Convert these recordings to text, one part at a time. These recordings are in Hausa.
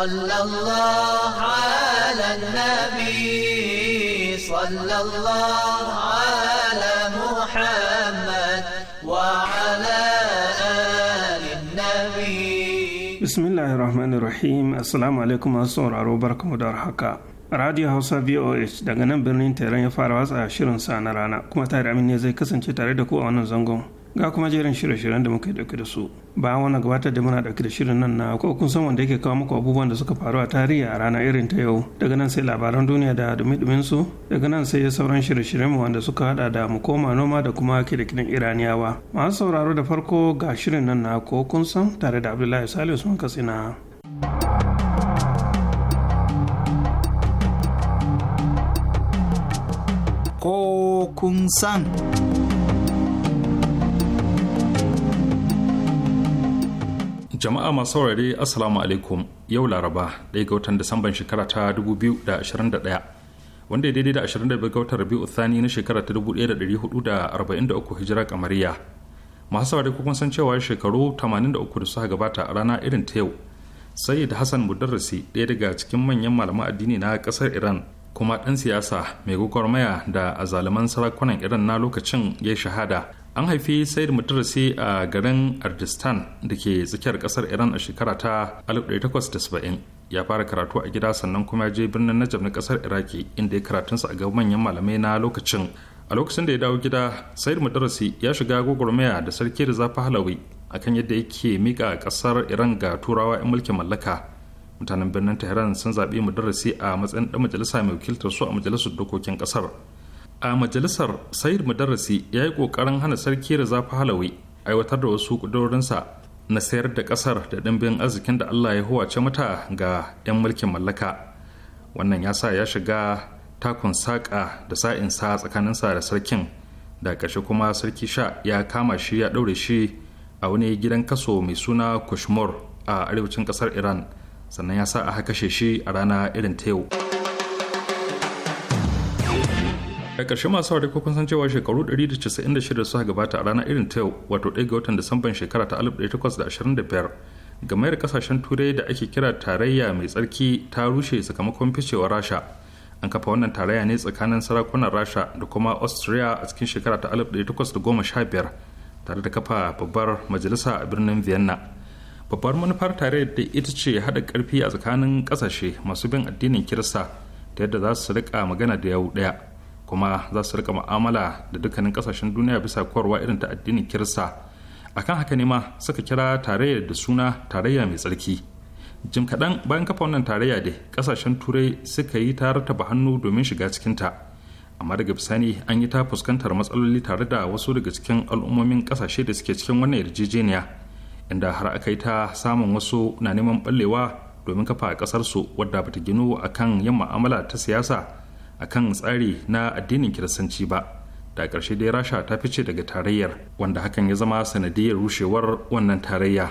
صلى الله على النبي صلى الله على محمد وعلى آل النبي بسم الله الرحمن الرحيم السلام عليكم ورحمة الله وبركاته radio hausa voh daga nan birnin teran ya fara watsa shirinsa na rana kuma tare amin ne zai kasance tare da ku a wannan zangon ga kuma jerin shirye-shiryen da muka dauke da su bayan wanna gabatar da muna dauke da shirin nan na ko kun san wanda yake kawo muku abubuwan da suka faru a tarihi a rana irin ta yau daga nan sai labaran duniya da dumi-dumin su daga nan sai sauran shirye-shiryen mu wanda suka hada da mu koma noma da kuma da kidan iraniyawa masu sauraro da farko ga shirin nan na ko kun san tare da abdullahi salisu usman katsina ko kun san. Jama'a masu saurare Assalamu alaikum yau Laraba ɗaya ga watan Disamban shekara ta 2021 wanda ya daidai da 25 ga watan Rabi'u Thani na shekara ta 1443 hijira kamariya. Masu saurare kukun san cewa shekaru 83 da suka gabata a rana irin ta yau. Sayyid Hassan Mudarrisi ɗaya daga cikin manyan malaman addini na ƙasar Iran kuma ɗan siyasa mai gwagwarmaya da a zaliman sarakunan iran na lokacin ya shahada an haifi sayid mutarsi a garin ardistan da ke tsakiyar ƙasar iran a shekara ta 1870 ya fara karatu a gida sannan kuma je birnin najab na kasar iraki inda ya karatunsa a gaban manyan malamai na lokacin a lokacin da ya dawo gida sayid mutarsi ya shiga gwagwarmaya da sarki da zafi halawi akan yadda yake mika ƙasar iran ga turawa 'yan mulkin mallaka mutanen birnin tehran sun zaɓi darasi a matsayin ɗan majalisa mai wakiltar su a majalisar dokokin ƙasar a majalisar sayid darasi ya yi ƙoƙarin hana sarki da zafi halawi aiwatar da wasu ƙudurorinsa na sayar da ƙasar da ɗimbin arzikin da allah ya huwace mata ga 'yan mulkin mallaka wannan ya sa ya shiga takun saƙa da sa sa'insa tsakaninsa da sarkin da ƙarshe kuma sarki sha ya kama shi ya ɗaure shi a wani gidan kaso mai suna kushmor a arewacin ƙasar iran sannan ya sa a kashe shi a rana irin ta yau a ƙarshe masu wari kun san cewa shekaru 196 suka gabata a rana irin ta yau wato ɗaya ga watan disamban shekara ta 1825 gamayar kasashen turai da ake kira tarayya mai tsarki ta rushe sakamakon ficewar rasha an kafa wannan tarayya ne tsakanin sarakunan rasha da kuma austria a cikin shekara ta 1815 tare da kafa babbar majalisa a birnin vienna babbar manufar tare da ita ce haɗa ƙarfi a tsakanin ƙasashe masu bin addinin kirista ta yadda za su rika magana da yawu ɗaya kuma za su rika ma'amala da dukkanin ƙasashen duniya bisa korwa irin ta addinin kirista akan haka ne ma suka kira tarayya da suna tarayya mai tsarki jim kaɗan bayan kafa wannan tarayya da ƙasashen turai suka yi ta rataba hannu domin shiga cikin ta amma daga bisani an yi ta fuskantar matsaloli tare da wasu daga cikin al'ummomin ƙasashe da suke cikin wannan yarjejeniya inda har aka yi ta samun wasu na neman ɓallewa domin kafa a ƙasarsu wadda bata ginu a kan yin ma'amala ta siyasa a kan tsari na addinin kiristanci ba da ƙarshe dai rasha ta fice daga tarayyar wanda hakan ya zama sanadiyar rushewar wannan tarayya.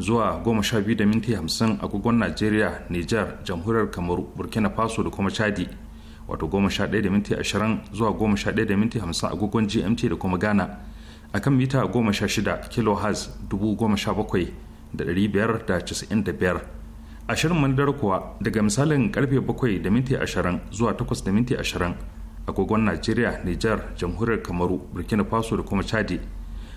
zuwa goma biyu da minti hamsin agogon najeriya nijar jamhuriyar kamaru burkina faso da kuma chadi wato goma sha ɗaya da zuwa goma agogon gmt da kuma ghana akan mita goma sha shida kilohertz dubu goma sha bakwai da biyar da biyar ashirin manadar kuwa daga misalin karfe bakwai da minti ashirin zuwa takwas da minti ashirin agogon najeriya nijar jamhuriyar kamaru burkina faso da kuma chadi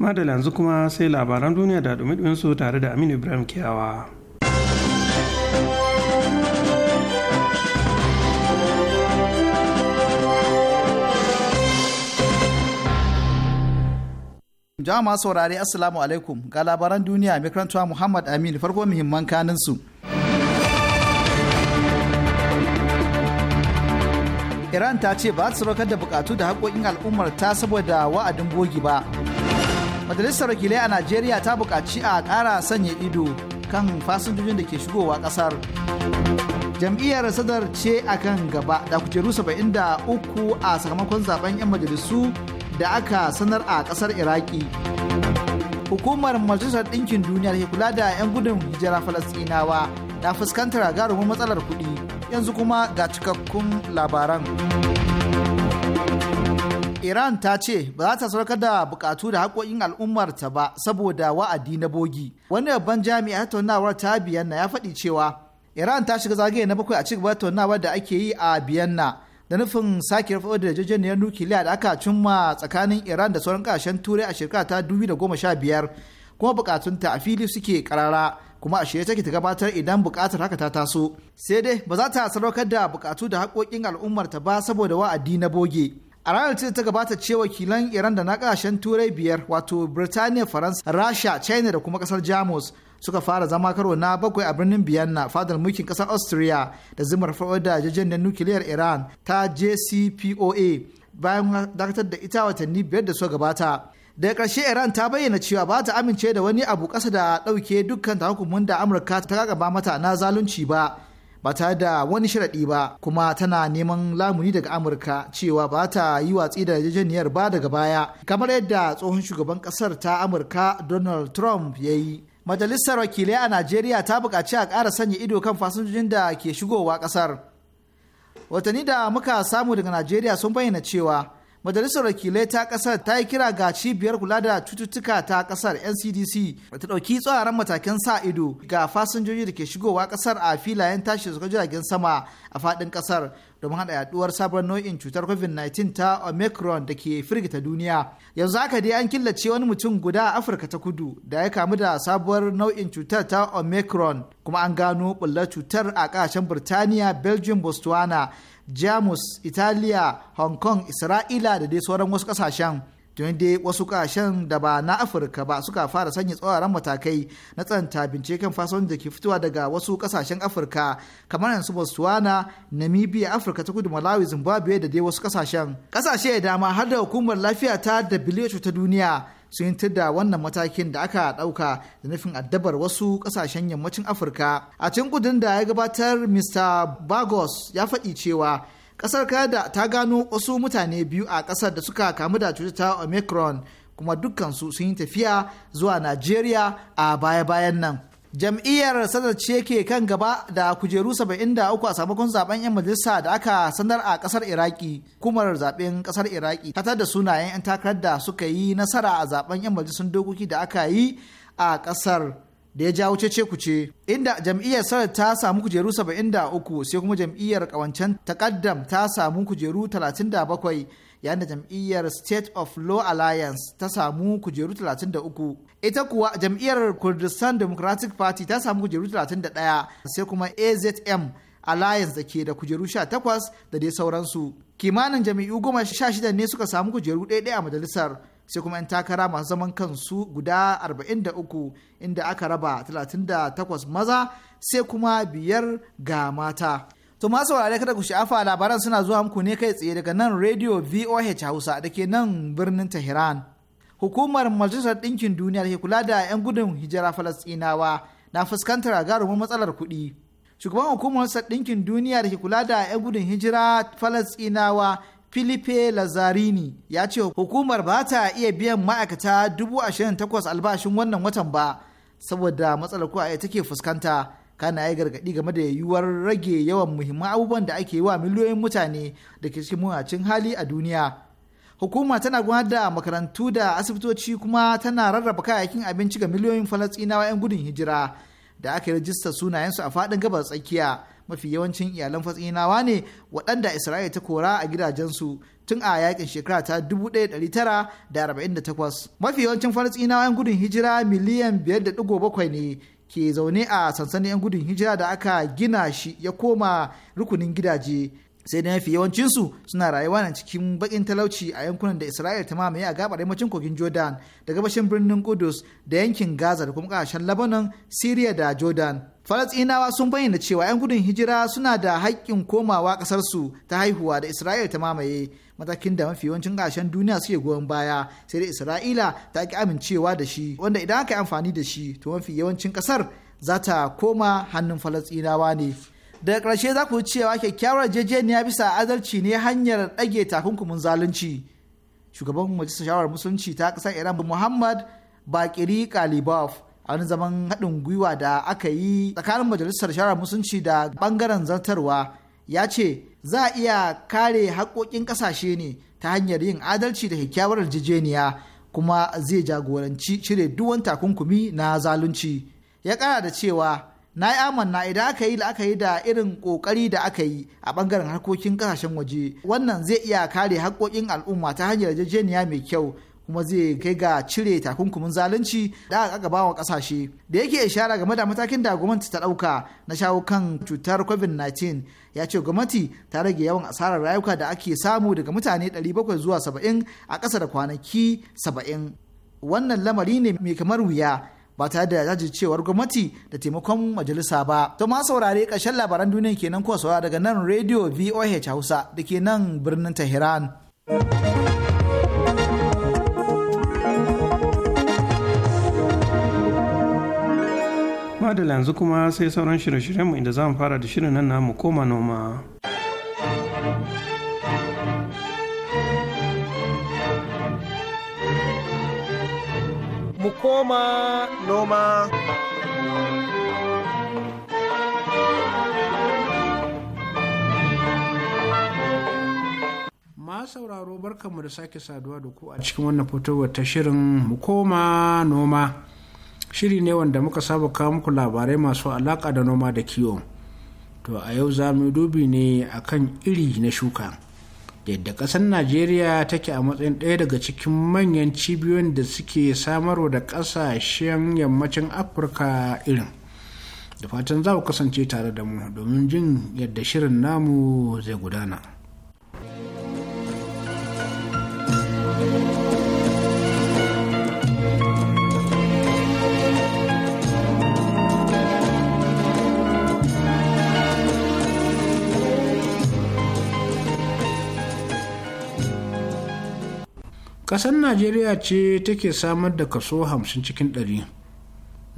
madala yanzu kuma sai labaran duniya da dumi su tare da aminu ibrahim kiyawa jama'a saurari assalamu alaikum ga labaran duniya mai muhammad Aminu farko muhimman kanin iran ta ce ba ta raukar da bukatu da haƙoƙin al'ummar ta saboda wa'adin bogi ba majalisar wakilai a najeriya ta buƙaci a ƙara sanya ido kan fasinjojin da ke shigowa ƙasar jam'iyyar sadar ce a kan gaba da kujeru saba'in da uku a sakamakon zaben 'yan majalisu da aka sanar a ƙasar iraki hukumar majalisar ɗinkin duniya ke kula da 'yan gudun hijira Falasɗinawa, na fuskantar gagarumin matsalar kuɗi yanzu kuma ga cikakkun labaran iran ta ce ba za ta saukar da bukatu da haƙoƙin al'ummarta ba saboda wa'adi na bogi wani babban jami'a tattaunawar ta biyanna ya faɗi cewa iran ta shiga zagaye na bakwai a ci gaba tattaunawar da ake yi a biyanna da nufin sake rufe da jajjaniyar nukiliya da aka cimma tsakanin iran da sauran kasashen turai a shekara ta 2015 kuma bukatunta a fili suke karara kuma a shirye take ta gabatar idan bukatar haka ta taso sai dai ba za ta sadaukar da bukatu da haƙoƙin al'ummarta ba saboda wa'adi na boge a ranar ta ta gabata ce wakilan iran da na kasashen turai biyar wato birtaniya faransa rasha china da kuma kasar jamus suka fara zama karo na bakwai a birnin vienna fadar mulkin kasar austria da zumar da jajen da nukiliyar iran ta jcpoa bayan dakatar da ita watanni biyar da suka gabata daga karshe iran ta bayyana cewa ba ta amince da wani abu kasa da ɗauke dukkan takunkumin da amurka ta gaba mata na zalunci ba ba tare da wani sharaɗi ba kuma tana neman lamuni daga amurka cewa ba ta yi watsi da yarjejeniyar ba daga baya kamar yadda tsohon shugaban ƙasar ta amurka donald trump ya yi majalisar wakilai a najeriya ta buƙaci a ƙara sanya ido kan fasinjojin da ke shigowa ƙasar watanni da muka samu daga najeriya sun bayyana cewa majalisar wakilai ta ƙasar ta yi kira ga cibiyar kula da cututtuka ta ƙasar ncdc ta ɗauki tsoron matakan sa ido ga fasinjoji da ke shigowa ƙasar a filayen tashi suka jiragen sama a faɗin ƙasar, domin haɗa yaɗuwar sabon nau'in cutar covid-19 ta omicron da ke firgita duniya yanzu haka dai an killace wani mutum guda a afirka ta kudu da ya kamu da sabuwar nau'in cutar ta omicron kuma an gano ɓullar cutar a ƙasashen birtaniya belgium botswana jamus italiya hong kong isra'ila da dai sauran wasu kasashen tuni dai wasu kasashen da ba na afirka ba suka fara sanya tsoron matakai na tsanta bincike kan da ke fitowa daga wasu kasashen afirka kamar yanzu botswana namibia afirka ta kudu malawi zimbabwe da dai wasu kasashen kasashe da dama har da hukumar lafiya ta who ta duniya sun yi da wannan matakin da aka ɗauka da nufin addabar wasu ƙasashen yammacin afirka a cikin kudin da ya gabatar mr bagos ya faɗi cewa ƙasar kada ta gano wasu mutane biyu a ƙasar da suka kamu da cutar omicron kuma dukkansu sun yi tafiya zuwa nigeria a baya-bayan nan jam'iyyar sadar ce ke kan gaba da kujeru 73 a sakamakon zaben 'yan majalisa da aka sanar a kasar iraki kumar zaben kasar iraki hatar da sunayen 'yan takarar da suka yi nasara a zaben 'yan majalisun dokoki da aka yi a kasar da ya jawo cece kuce inda jam'iyyar sadar ta samu kujeru 73 sai kuma jam'iyyar kawancen takaddam ta samu kujeru 37 yayin da jam'iyyar state of law alliance ta samu kujeru 33 ita kuwa jam'iyyar kurdistan democratic party ta samu kujeru 31 sai kuma azm alliance da ke da kujeru 18 da dai sauransu kimanin jam'iyyu goma sha shida ne suka samu kujeru ɗaya a majalisar sai kuma 'yan takara masu zaman kansu guda 43 inda aka raba 38 maza sai kuma biyar ga mata to masu wurare kada ku sha'afa labaran suna zuwa muku ne kai tsaye daga nan radio voh hausa da ke nan birnin tehran hukumar majalisar ɗinkin duniya da ke kula da 'yan gudun hijira falastinawa na fuskantar gagarumin matsalar kuɗi shugaban hukumar majalisar ɗinkin duniya da ke kula da 'yan gudun hijira falastinawa Filipe lazarini ya ce hukumar ba ta iya biyan ma'aikata 28,000 albashin wannan watan ba saboda matsalar kuwa take fuskanta kana ya gargaɗi game da yiwuwar rage yawan muhimman abubuwan da ake yi wa miliyoyin mutane da ke cikin mawacin hali a duniya. hukuma tana gudanar da makarantu da asibitoci kuma tana rarraba kayayyakin abinci ga miliyoyin falastinawa 'yan gudun hijira da aka rajista sunayensu a faɗin gabas tsakiya mafi yawancin iyalan fatsinawa ne waɗanda isra'ila ta kora a gidajensu tun a yakin shekara ta 1948 mafi yawancin falastinawa 'yan gudun hijira miliyan 5.7 ne ke zaune a sansanin 'yan gudun hijira da aka gina shi ya koma rukunin gidaje sai da mafi yawancinsu suna rayuwa na cikin bakin talauci a yankunan da isra'il ta mamaye a gabar yammacin kogin jordan da gabashin birnin kudus da yankin gaza da kuma kasashen lebanon syria da jordan falasinawa sun bayyana cewa 'yan gudun hijira suna da haƙƙin komawa ƙasarsu ta haihuwa da isra'il ta mamaye matakin da mafi yawancin kasashen duniya suke goyon baya sai da isra'ila ta ki amincewa da shi wanda idan aka yi amfani da shi to mafi yawancin ƙasar za ta koma hannun falasinawa ne daga ƙarshe za ku cewa kyakkyawar jejeniya bisa adalci ne hanyar ɗage takunkumin zalunci shugaban majalisar shawarar musulunci ta ƙasar iran muhammad bakiri kalibov a wani zaman haɗin gwiwa da aka yi tsakanin majalisar shawarar musulunci da ɓangaren zartarwa ya ce za a iya kare haƙoƙin ƙasashe ne ta hanyar yin adalci da kyakkyawar jejeniya kuma zai jagoranci cire duwan takunkumi na zalunci ya ƙara da cewa na yi amanna idan aka yi la'akari da irin kokari da aka yi a bangaren harkokin kasashen waje wannan zai iya kare haƙoƙin al'umma ta hanyar yarjejeniya mai kyau kuma zai kai ga cire takunkumin zalunci da aka gaba wa kasashe da yake ishara game da matakin da gwamnati ta ɗauka na shawo kan cutar covid-19 ya ce gwamnati ta rage yawan asarar rayuka da ake samu daga mutane 700 zuwa 70 a ƙasa da kwanaki 70 wannan lamari ne mai kamar wuya ba tare da jajircewar gwamnati da taimakon majalisa ba. To ma saurare ƙarshen labaran duniya kenan kuwa saurara daga nan Radio VOH Hausa da ke nan birnin Tehran. Madalla yanzu kuma sai sauran shirye-shiryenmu inda za mu fara da shirin nan namu koma noma. mu koma noma. Ma sauraro barkanmu da sake saduwa da ku a cikin wannan fitowar ta shirin mu koma noma. Shiri ne wanda muka saba kawo muku labarai masu alaƙa da noma da kiwo. To a yau za mu dubi ne akan iri na shuka. yadda ƙasar najeriya take a matsayin ɗaya daga cikin manyan cibiyoyin da suke samarwa da ƙasashen yammacin afirka irin da fatan za ku kasance tare da mu domin jin yadda shirin namu zai gudana. ƙasar najeriya ce take samar da kaso 50 cikin 100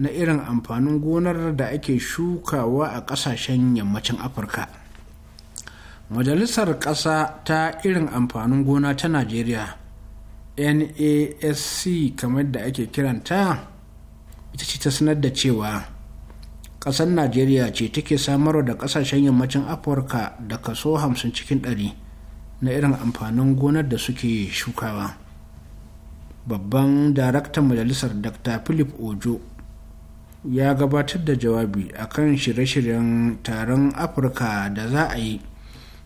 na irin amfanin gonar da ake shukawa a ƙasashen yammacin afirka majalisar ƙasa ta irin amfanin gona ta najeriya nasc kamar da ake kiranta ita ce ta sanar da cewa ƙasar najeriya ce take samar da ƙasashen yammacin afirka da kaso 50 cikin 100 na irin amfanin gonar da suke shukawa babban daraktan majalisar dr philip ojo ya gabatar da jawabi akan shirye-shiryen taron afirka da za a yi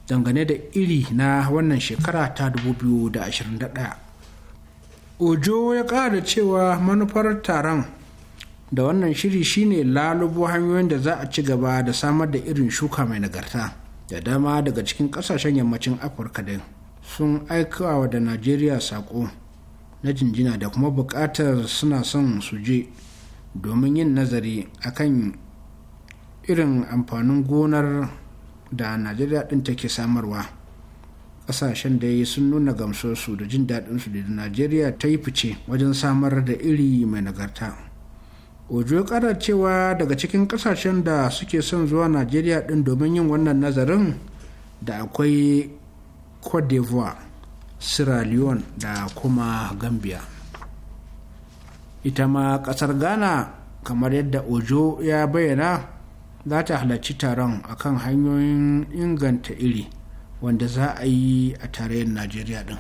dangane da iri na wannan shekara ta 2021 ojo ya ƙara cewa manufar taron da wannan shiri shine lalubo hanyoyin da za a ci gaba da samar da irin shuka mai nagarta da dama daga cikin ƙasashen yammacin afirka din sun aikawa da najeriya saƙo na jinjina da kuma buƙatar suna son su je domin yin nazari akan irin amfanin gonar da najeriya ɗin take samarwa ƙasashen da sun nuna gamsosu da jin daɗinsu da najeriya ta yi fice wajen samar da iri mai nagarta ojo ƙara cewa daga cikin ƙasashen da suke son zuwa najeriya ɗin domin yin wannan nazarin da akwai cote d'ivoire sierra leone da kuma gambia ita ma kasar ghana kamar yadda ojo ya bayyana za ta halarci taron akan hanyoyin inganta iri wanda za a yi a tarayyar najeriya din.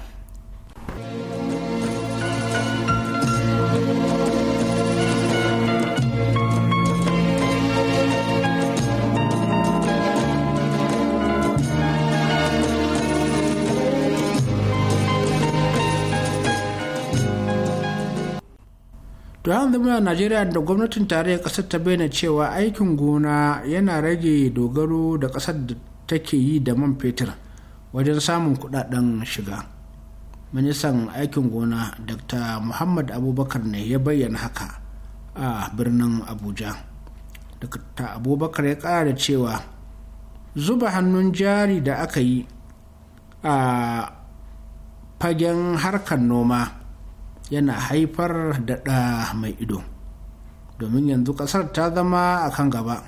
to an zama a najeriya da gwamnatin tarayyar kasar ta bayyana cewa aikin gona yana rage dogaro da kasar da take yi da man fetur wajen samun kudaden shiga ministan aikin gona dr muhammad abubakar ne ya bayyana haka a birnin abuja dr abubakar ya kara da cewa zuba hannun jari da aka yi a fagen harkar noma yana haifar da ɗa mai ido domin yanzu ƙasar ta zama a kan gaba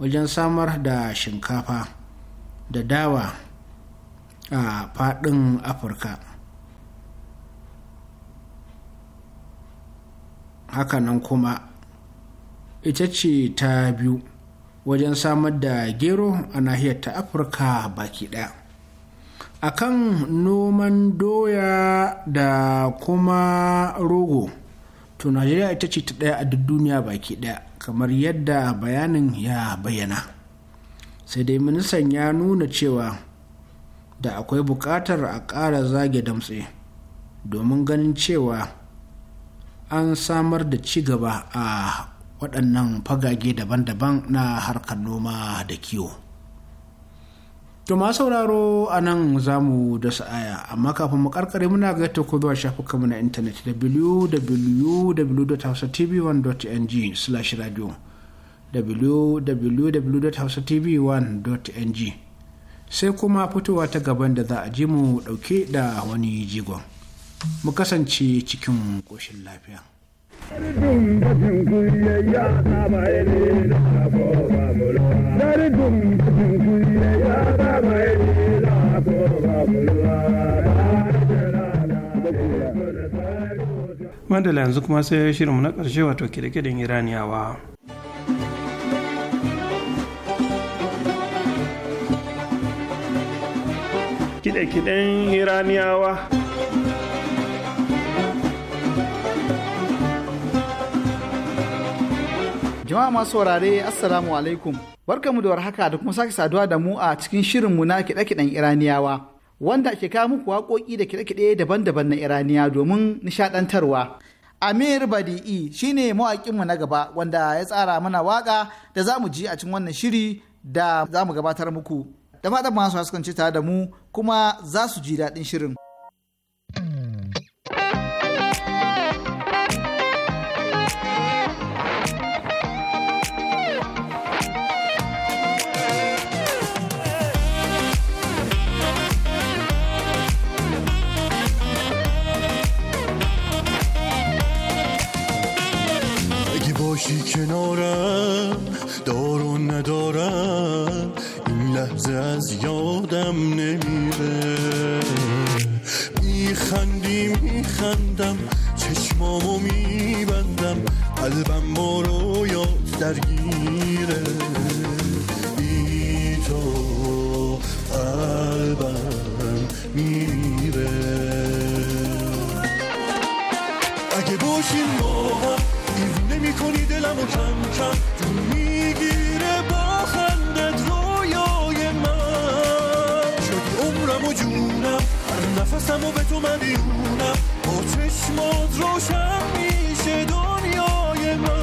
wajen samar da shinkafa da dawa a faɗin afirka hakanan kuma ita ce ta biyu wajen samar da gero a nahiyar ta afirka baki ɗaya a kan noman doya da kuma rogo to najeriya ita ce ta ɗaya a duk duniya baki ɗaya kamar yadda bayanin ya bayyana sai dai ministan ya nuna cewa da akwai buƙatar a ƙara zage damtse domin ganin cewa an samar da ci gaba a waɗannan fagage daban-daban na harkar noma da kiwo. To ma sauraro a nan za mu da sa'aya amma kafin mu karkare muna ga ta zuwa shafukanmu na intanet www.hausatv1.ng slash radio www.hausatv1.ng sai kuma fitowa ta gaban da za a ji mu dauke da wani jigon mu kasance cikin koshin lafiya. Mandala yanzu kuma sai shirinmu na ƙarshe wato kirkirin Iraniyawa. Kide-kiden Iraniyawa. Jama'a masu saurare Assalamu alaikum. mu da warhaka da kuma sake saduwa da mu a cikin shirin mu na kiɗe-kiɗen Iraniyawa. Wanda ke kawo muku waƙoƙi da kiɗe-kiɗe daban-daban na Iraniya domin nishaɗantarwa. Amir Badi'i shine mawaƙin mu na gaba wanda ya tsara mana waƙa da za mu ji a cikin wannan shiri da za mu gabatar muku. Da fatan masu sukan ci da mu kuma za su ji daɗin shirin. از یادم نمیره میخندی میخندم چشمامو میبندم قلبم ما رو یاد درگیره بی تو قلبم میره اگه باشیم با هم دیوونه دلمو کم کم تو میگی نفسم و به تو من میونم با چشمات روشن میشه دنیای من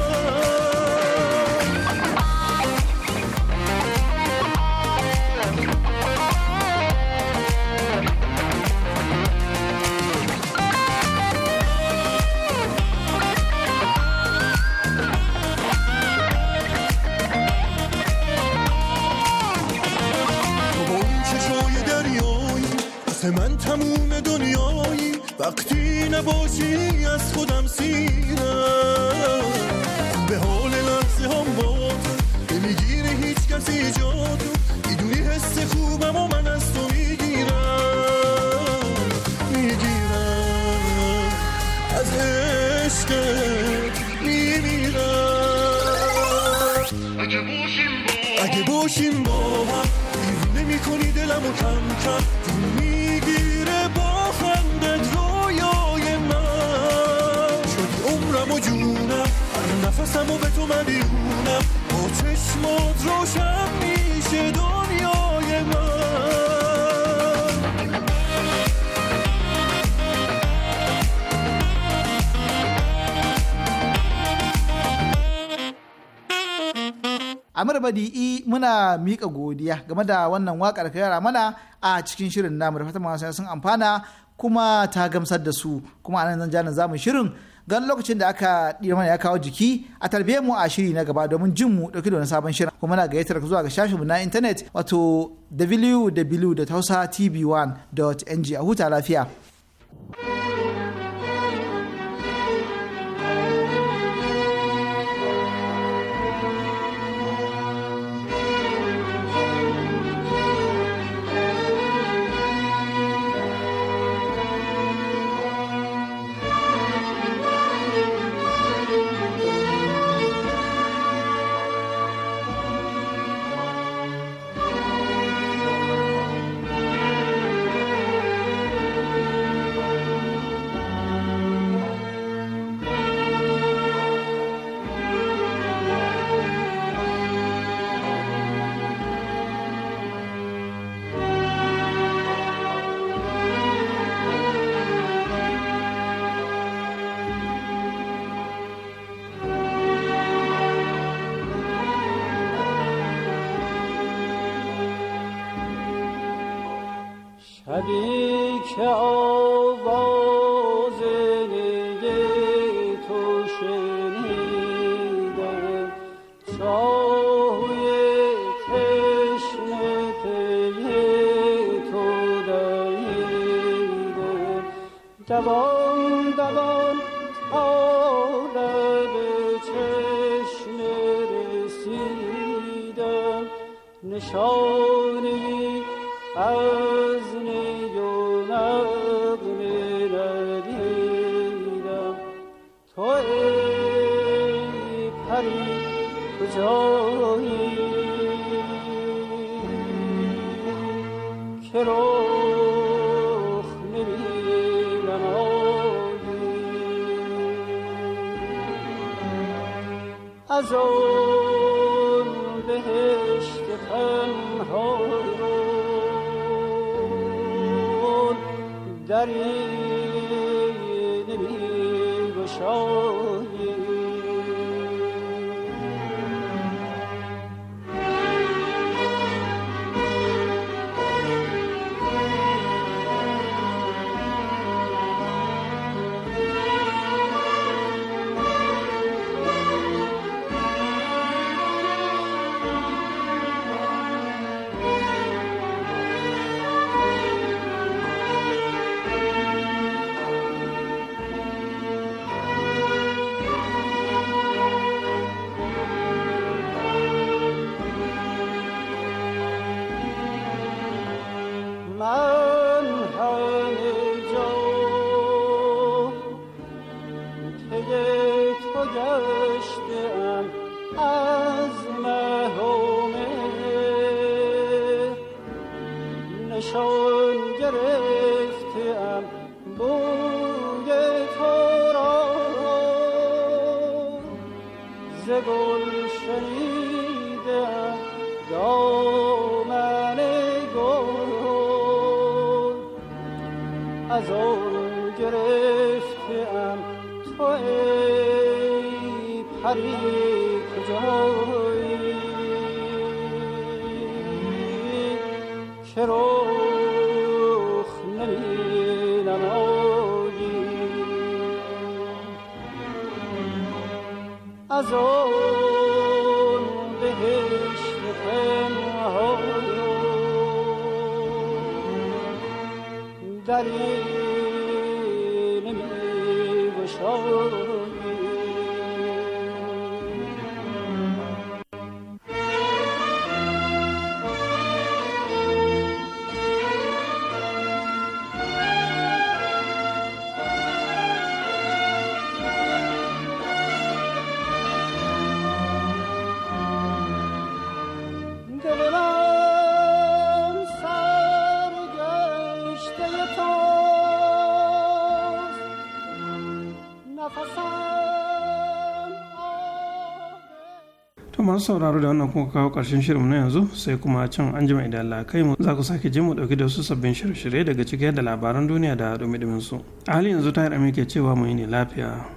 من تموم وقتی نباشی از خودم سیرم به حال لحظه هم با تو نمیگیره هیچ کسی جا تو میدونی حس خوبم و من از تو میگیرم میگیرم از عشق میمیرم اگه باشیم با اگه باشیم با هم میکنی دلمو کم کم نفسم و به تو من بیرونم با چشمات روشن میشه دنیای من muna miƙa godiya game da wannan waƙar ka yara mana a cikin shirin namu da fatan sun amfana kuma ta gamsar da su kuma anan zan janin zamu shirin gan lokacin da aka ɗira mana ya kawo jiki a tarbiyyar mu a shiri na gaba domin jin mu ɗauki da wani sabon shirin kuma na gayyatar zuwa ga shafinmu na intanet wato www.hausatv1.ng a huta lafiya. شبی که از آن بهشت پنهان دری نمی گشاد داری. masu sauraro da wannan kuma kawo ƙarshen shirin na yanzu sai kuma can an jima idan Allah kai mu za ku sake je mu ɗauki da wasu sabbin shirye-shirye daga cikin da labaran duniya da dumi-dumin su. A halin yanzu ta yi ke cewa mu yi ne lafiya.